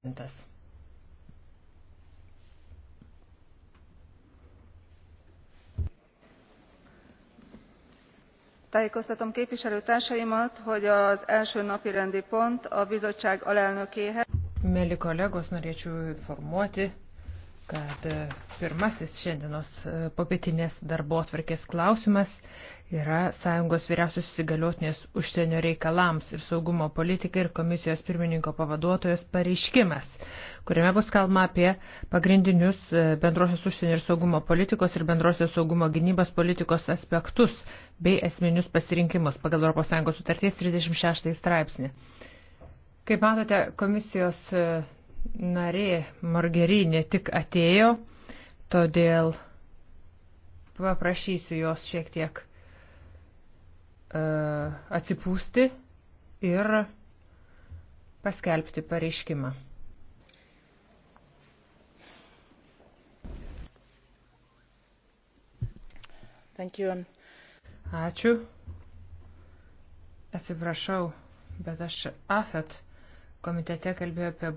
patvirtintas. Tájékoztatom képviselőtársaimat, hogy az első napi rendi pont a bizottság alelnökéhez. Meli kolegos, norėčiau informuoti, kad e, pirmasis šiandienos e, popietinės darbo atvarkės klausimas yra Sąjungos vyriausios įsigaliotinės užsienio reikalams ir saugumo politikai ir komisijos pirmininko pavaduotojos pareiškimas, kuriame bus kalba apie pagrindinius e, bendrosios užsienio ir saugumo politikos ir bendrosios saugumo gynybos politikos aspektus bei esminius pasirinkimus pagal ES sutarties 36 straipsnį. Kaip matote, komisijos narė Margerinė tik atėjo, todėl paprašysiu jos šiek tiek uh, atsipūsti ir paskelbti pareiškimą. Ačiū. Atsiprašau, bet aš AFET komitete kalbėjau apie